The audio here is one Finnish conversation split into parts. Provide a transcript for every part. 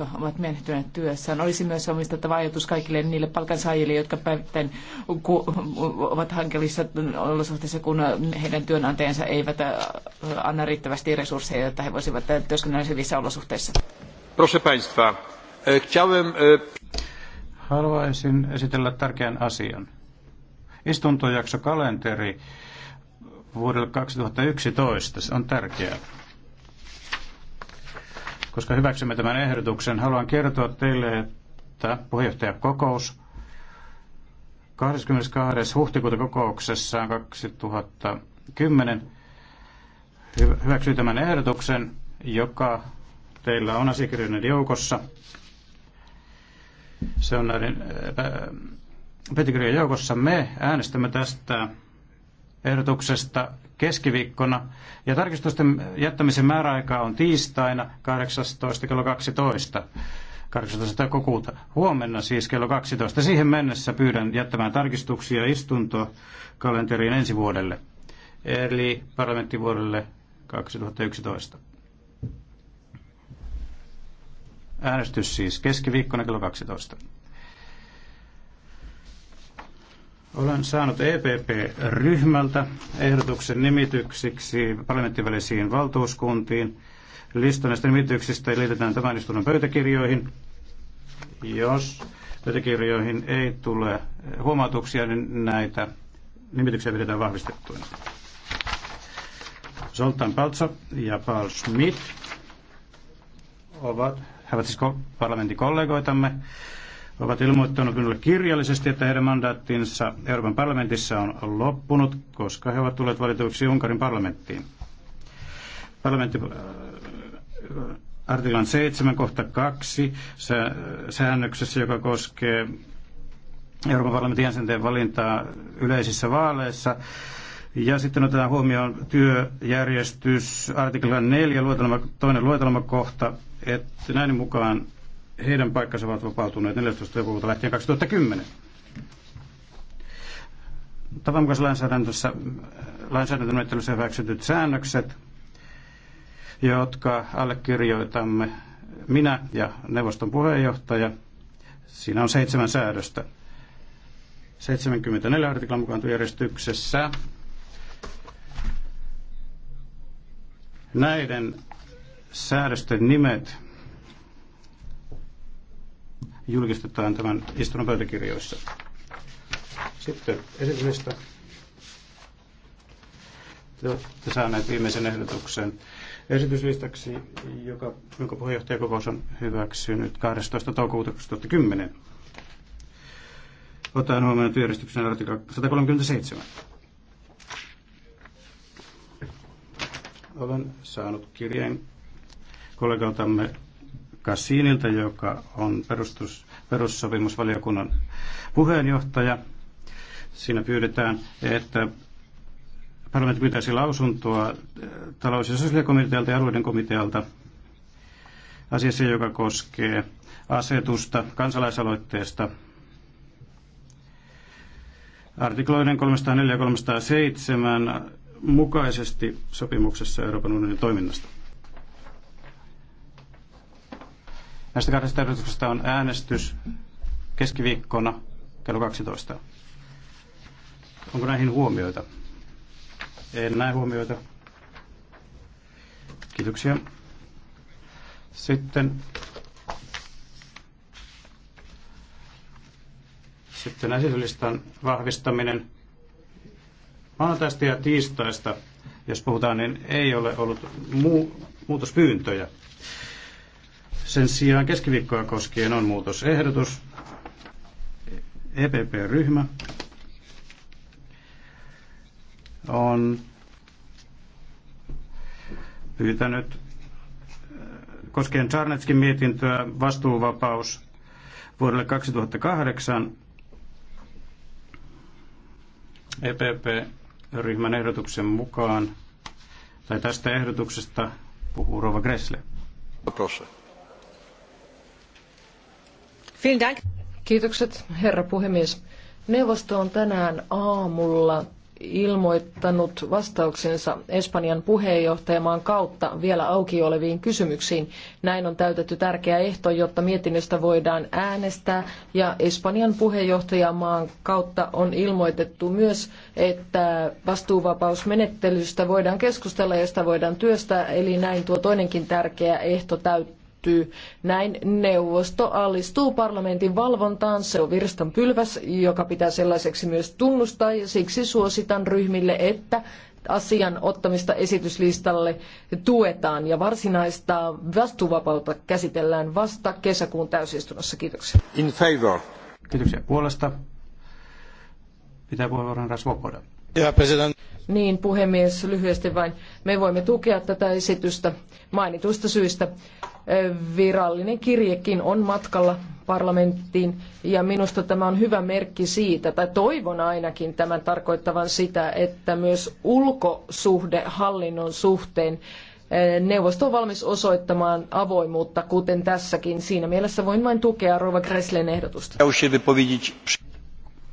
jotka ovat menehtyneet työssään. Olisi myös omistettava ajatus kaikille niille palkansaajille, jotka päivittäin ovat hankalissa olosuhteissa, kun heidän työnantajansa eivät äh, anna riittävästi resursseja, jotta he voisivat äh, työskennellä hyvissä olosuhteissa. Proszę Państwa, e, chciałem... E, Haluaisin esitellä tärkeän asian. Istuntojakso kalenteri vuodelle 2011 Se on tärkeää koska hyväksymme tämän ehdotuksen. Haluan kertoa teille, että puheenjohtajakokous 22. huhtikuuta kokouksessaan 2010 hyväksyi tämän ehdotuksen, joka teillä on asiakirjojen joukossa. Se on näiden petikirjojen joukossa. Me äänestämme tästä ehdotuksesta keskiviikkona ja tarkistusten jättämisen määräaika on tiistaina 18 kello 12. 18. kokuuta. Huomenna siis kello 12. Siihen mennessä pyydän jättämään tarkistuksia istuntokalenteriin ensi vuodelle, eli parlamenttivuodelle 2011. Äänestys siis keskiviikkona kello 12. Olen saanut EPP-ryhmältä ehdotuksen nimityksiksi parlamenttivälisiin valtuuskuntiin. Lista näistä nimityksistä liitetään tämän istunnon pöytäkirjoihin. Jos pöytäkirjoihin ei tule huomautuksia, niin näitä nimityksiä pidetään vahvistettuina. Zoltan Paltso ja Paul Schmidt ovat, he ovat siis parlamentin kollegoitamme ovat ilmoittaneet minulle kirjallisesti, että heidän mandaattinsa Euroopan parlamentissa on loppunut, koska he ovat tulleet valituiksi Unkarin parlamenttiin. Parlamentti, äh, artiklan 7 kohta 2 säännöksessä, joka koskee Euroopan parlamentin jäsenten valintaa yleisissä vaaleissa. Ja sitten otetaan huomioon työjärjestys, artiklan 4, luetelma, toinen luetelmakohta, että näin mukaan heidän paikkansa ovat vapautuneet 14. joulukuuta lähtien 2010. lainsäädännössä lainsäädäntömenettelyssä hyväksytyt säännökset, jotka allekirjoitamme minä ja neuvoston puheenjohtaja. Siinä on seitsemän säädöstä. 74 artiklan mukaan järjestyksessä. Näiden säädösten nimet julkistetaan tämän istunnon pöytäkirjoissa. Sitten esityslista. Te olette saaneet viimeisen ehdotuksen esityslistaksi, joka, jonka puheenjohtajakokous on hyväksynyt 12. toukokuuta 2010. Otan huomioon työjärjestyksen artikla 137. Olen saanut kirjeen kollegaltamme Kassinilta, joka on perustus, perussopimusvaliokunnan puheenjohtaja. Siinä pyydetään, että parlamentti pyytäisi lausuntoa eh, talous- ja sosiaalikomitealta ja alueiden komitealta asiassa, joka koskee asetusta kansalaisaloitteesta artikloiden 304 ja 307 mukaisesti sopimuksessa Euroopan unionin toiminnasta. Näistä kahdesta ehdotuksesta on äänestys keskiviikkona kello 12. Onko näihin huomioita? En näe huomioita. Kiitoksia. Sitten, sitten esityslistan vahvistaminen. Maanantaista ja tiistaista, jos puhutaan, niin ei ole ollut muu, muutospyyntöjä. Sen sijaan keskiviikkoa koskien on muutosehdotus. EPP-ryhmä on pyytänyt koskien Czarneckin mietintöä vastuuvapaus vuodelle 2008 EPP-ryhmän ehdotuksen mukaan, tai tästä ehdotuksesta puhuu Rova Gressle. Proszę. Kiitokset, herra puhemies. Neuvosto on tänään aamulla ilmoittanut vastauksensa Espanjan puheenjohtajamaan kautta vielä auki oleviin kysymyksiin. Näin on täytetty tärkeä ehto, jotta mietinnöstä voidaan äänestää. Ja Espanjan puheenjohtajamaan kautta on ilmoitettu myös, että vastuuvapausmenettelystä voidaan keskustella ja sitä voidaan työstää. Eli näin tuo toinenkin tärkeä ehto täyttyy kiristyy. Näin neuvosto alistuu parlamentin valvontaan. Se on virstan pylväs, joka pitää sellaiseksi myös tunnustaa ja siksi suositan ryhmille, että asian ottamista esityslistalle tuetaan ja varsinaista vastuuvapautta käsitellään vasta kesäkuun täysistunnossa. Kiitoksia. In favor. Kiitoksia puolesta. Pitää puheenvuoron Rasvopoda. Niin, puhemies, lyhyesti vain. Me voimme tukea tätä esitystä. Mainituista syistä virallinen kirjekin on matkalla parlamenttiin ja minusta tämä on hyvä merkki siitä, tai toivon ainakin tämän tarkoittavan sitä, että myös ulkosuhdehallinnon suhteen neuvosto on valmis osoittamaan avoimuutta, kuten tässäkin. Siinä mielessä voin vain tukea Rova Greslen ehdotusta.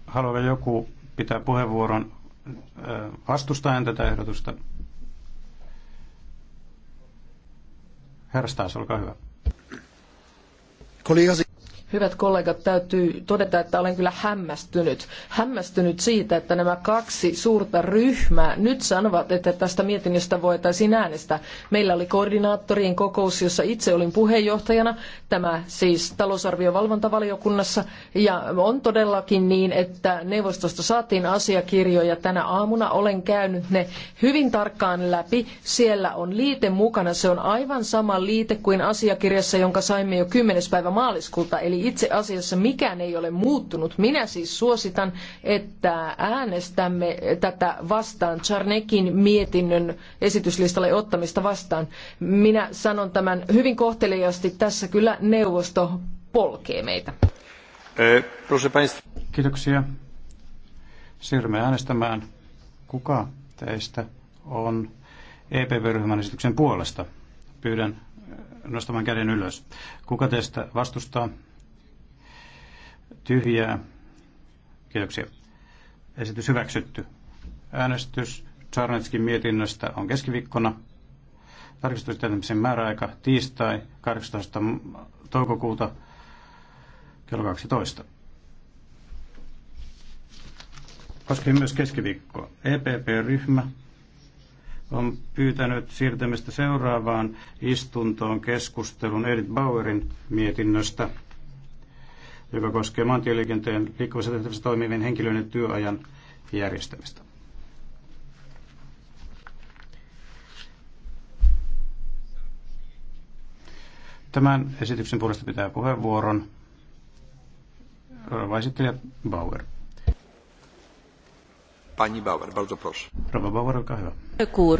Haluaako joku pitää puheenvuoron vastustaen tätä ehdotusta? Herra Staas, olkaa hyvä. Kollegas Hyvät kollegat, täytyy todeta, että olen kyllä hämmästynyt. Hämmästynyt siitä, että nämä kaksi suurta ryhmää nyt sanovat, että tästä mietinnöstä voitaisiin äänestää. Meillä oli koordinaattorien kokous, jossa itse olin puheenjohtajana, tämä siis talousarviovalvontavaliokunnassa. Ja on todellakin niin, että neuvostosta saatiin asiakirjoja tänä aamuna. Olen käynyt ne hyvin tarkkaan läpi. Siellä on liite mukana. Se on aivan sama liite kuin asiakirjassa, jonka saimme jo 10. päivä maaliskuuta, eli itse asiassa mikään ei ole muuttunut. Minä siis suositan, että äänestämme tätä vastaan, Charnekin mietinnön esityslistalle ottamista vastaan. Minä sanon tämän hyvin kohteliaasti, tässä kyllä neuvosto polkee meitä. Eh, Kiitoksia. Siirrymme äänestämään. Kuka teistä on EPP-ryhmän esityksen puolesta? Pyydän nostamaan käden ylös. Kuka teistä vastustaa? Tyhjää. Kiitoksia. Esitys hyväksytty. Äänestys Tsarnetskin mietinnöstä on keskiviikkona. Tarkistusteetämisen määräaika tiistai 18. toukokuuta kello 12. Koskee myös keskiviikkoa. EPP-ryhmä on pyytänyt siirtämistä seuraavaan istuntoon keskustelun Edith Bauerin mietinnöstä joka koskee maantieliikenteen liikkuvassa tehtävissä toimivien henkilöiden työajan järjestämistä. Tämän esityksen puolesta pitää puheenvuoron rouva esittelijä Bauer. Pani Bauer, bardzo proszę. Rouva Bauer, olkaa hyvä. Kur.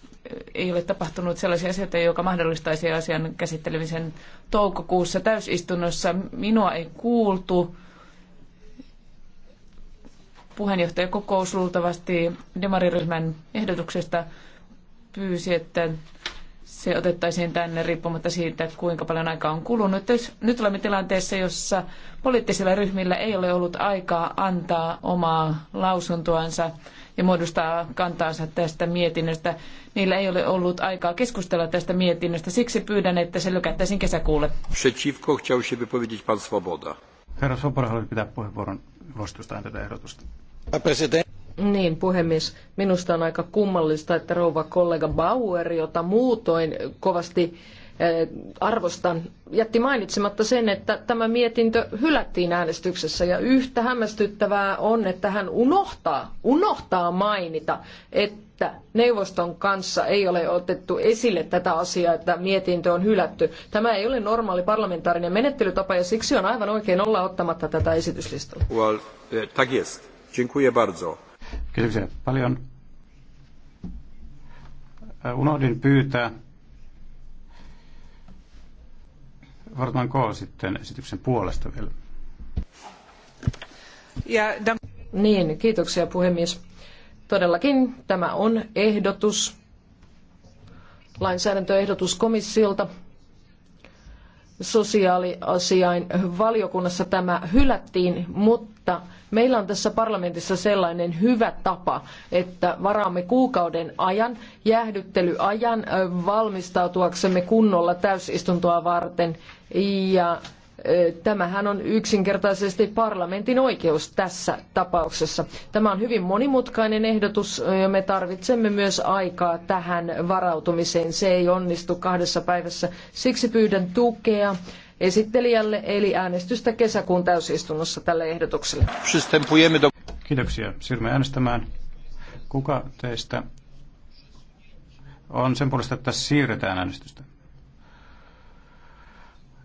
ei ole tapahtunut sellaisia asioita, joka mahdollistaisi asian käsittelemisen toukokuussa täysistunnossa. Minua ei kuultu. Puheenjohtajakokous luultavasti demariryhmän ehdotuksesta pyysi, että se otettaisiin tänne riippumatta siitä, kuinka paljon aikaa on kulunut. Nyt olemme tilanteessa, jossa poliittisilla ryhmillä ei ole ollut aikaa antaa omaa lausuntoansa ja muodostaa kantaansa tästä mietinnöstä. Niillä ei ole ollut aikaa keskustella tästä mietinnöstä. Siksi pyydän, että se lykättäisiin kesäkuulle. Przeciwko chciał się wypowiedzieć pan Swoboda. Herra Swoboda haluaa pitää puheenvuoron tätä ehdotusta. President. Niin, puhemies. Minusta on aika kummallista, että rouva kollega Bauer, jota muutoin kovasti eh, arvostan, jätti mainitsematta sen, että tämä mietintö hylättiin äänestyksessä ja yhtä hämmästyttävää on, että hän unohtaa, unohtaa mainita, että neuvoston kanssa ei ole otettu esille tätä asiaa, että mietintö on hylätty. Tämä ei ole normaali parlamentaarinen menettelytapa ja siksi on aivan oikein olla ottamatta tätä esityslistalla. Well, eh, Kysymyksiä paljon. Äh, unohdin pyytää Vartman K. sitten esityksen puolesta vielä. Ja, niin, kiitoksia puhemies. Todellakin tämä on ehdotus, lainsäädäntöehdotus komissiolta sosiaaliasiain valiokunnassa tämä hylättiin, mutta meillä on tässä parlamentissa sellainen hyvä tapa, että varaamme kuukauden ajan, jäähdyttelyajan valmistautuaksemme kunnolla täysistuntoa varten ja Tämähän on yksinkertaisesti parlamentin oikeus tässä tapauksessa. Tämä on hyvin monimutkainen ehdotus ja me tarvitsemme myös aikaa tähän varautumiseen. Se ei onnistu kahdessa päivässä. Siksi pyydän tukea esittelijälle eli äänestystä kesäkuun täysistunnossa tälle ehdotukselle. Kiitoksia. Siirrymme äänestämään. Kuka teistä on sen puolesta, että siirretään äänestystä?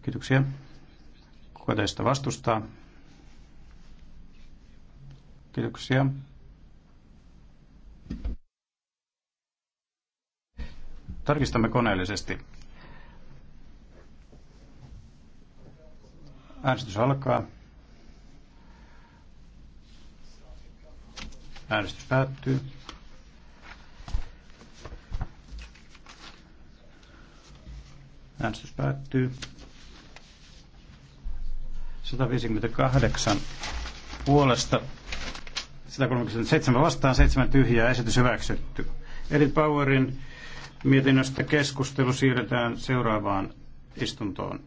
Kiitoksia. Kuka teistä vastustaa? Kiitoksia. Tarkistamme koneellisesti. Äänestys alkaa. Äänestys päättyy. Äänestys päättyy. 158 puolesta, 137 vastaan, 7 tyhjää, esitys hyväksytty. Edith Powerin mietinnöstä keskustelu siirretään seuraavaan istuntoon,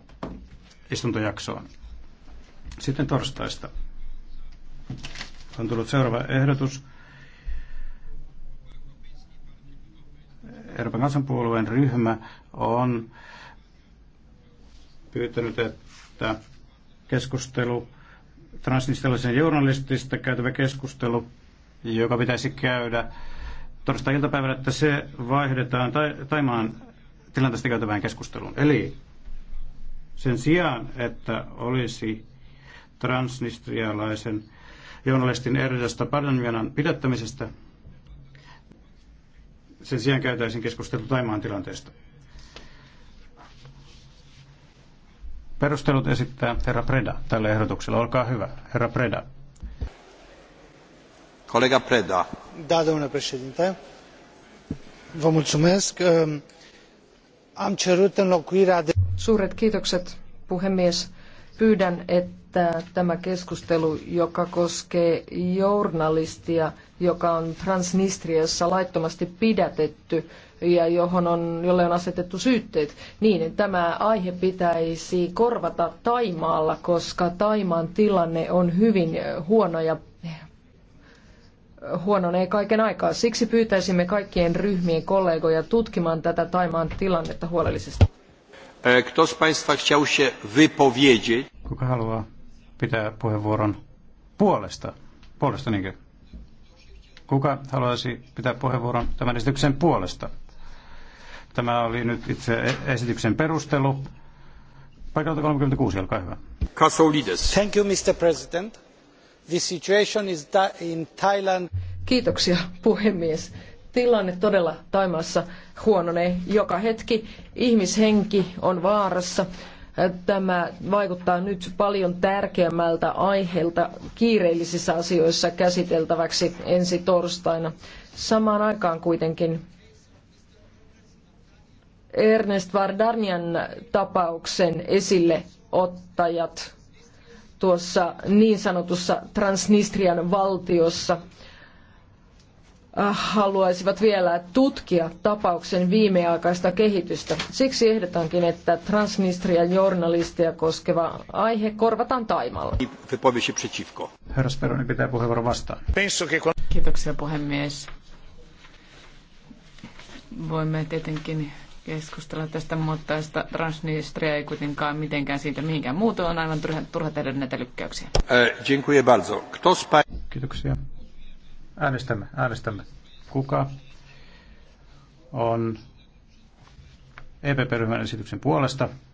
istuntojaksoon. Sitten torstaista on tullut seuraava ehdotus. Euroopan kansanpuolueen ryhmä on pyytänyt, että keskustelu, transnistialaisen journalistista käytävä keskustelu, joka pitäisi käydä torstai-iltapäivällä, että se vaihdetaan Taimaan tilanteesta käytävään keskusteluun. Eli sen sijaan, että olisi transnistrialaisen journalistin erilaisesta Padanjanan pidättämisestä, sen sijaan käytäisiin keskustelu Taimaan tilanteesta. Perustelut esittää herra Preda tälle ehdotukselle. Olkaa hyvä, herra Preda. Kollega Preda. Da, domnule președinte. Vă mulțumesc. Ehm, am cerut înlocuirea de... Suuret kiitokset, puhemies. Pyydän, että tämä keskustelu, joka koskee journalistia, joka on Transnistriassa laittomasti pidätetty ja johon on, jolle on asetettu syytteet, niin tämä aihe pitäisi korvata Taimaalla, koska Taimaan tilanne on hyvin huono ja huononee kaiken aikaa. Siksi pyytäisimme kaikkien ryhmien kollegoja tutkimaan tätä Taimaan tilannetta huolellisesti. E, kto z Państwa chciał się wypowiedzieć? Kuka haluaa pitää puheenvuoron puolesta? Puolesta niinkö? Kuka haluaisi pitää puheenvuoron tämän esityksen puolesta? Tämä oli nyt itse esityksen perustelu. Paikalta 36, olkaa hyvä. Kasolides. Thank you, Mr. President. The situation is in Thailand. Kiitoksia, puhemies. Tilanne todella Taimaassa huononee joka hetki. Ihmishenki on vaarassa. Tämä vaikuttaa nyt paljon tärkeämmältä aiheelta kiireellisissä asioissa käsiteltäväksi ensi torstaina. Samaan aikaan kuitenkin Ernest Vardarnian tapauksen esille ottajat tuossa niin sanotussa Transnistrian valtiossa Äh, haluaisivat vielä tutkia tapauksen viimeaikaista kehitystä. Siksi ehdotankin, että Transnistrian journalisteja koskeva aihe korvataan Taimalla. Herra Speroni pitää puheenvuoron vastaan. Kiitoksia puhemies. Voimme tietenkin keskustella tästä, mutta Transnistria ei kuitenkaan mitenkään siitä mihinkään muuta. On aivan turha, turha tehdä näitä lykkäyksiä. E, Kiitoksia. Äänestämme, äänestämme. Kuka on EPP-ryhmän esityksen puolesta?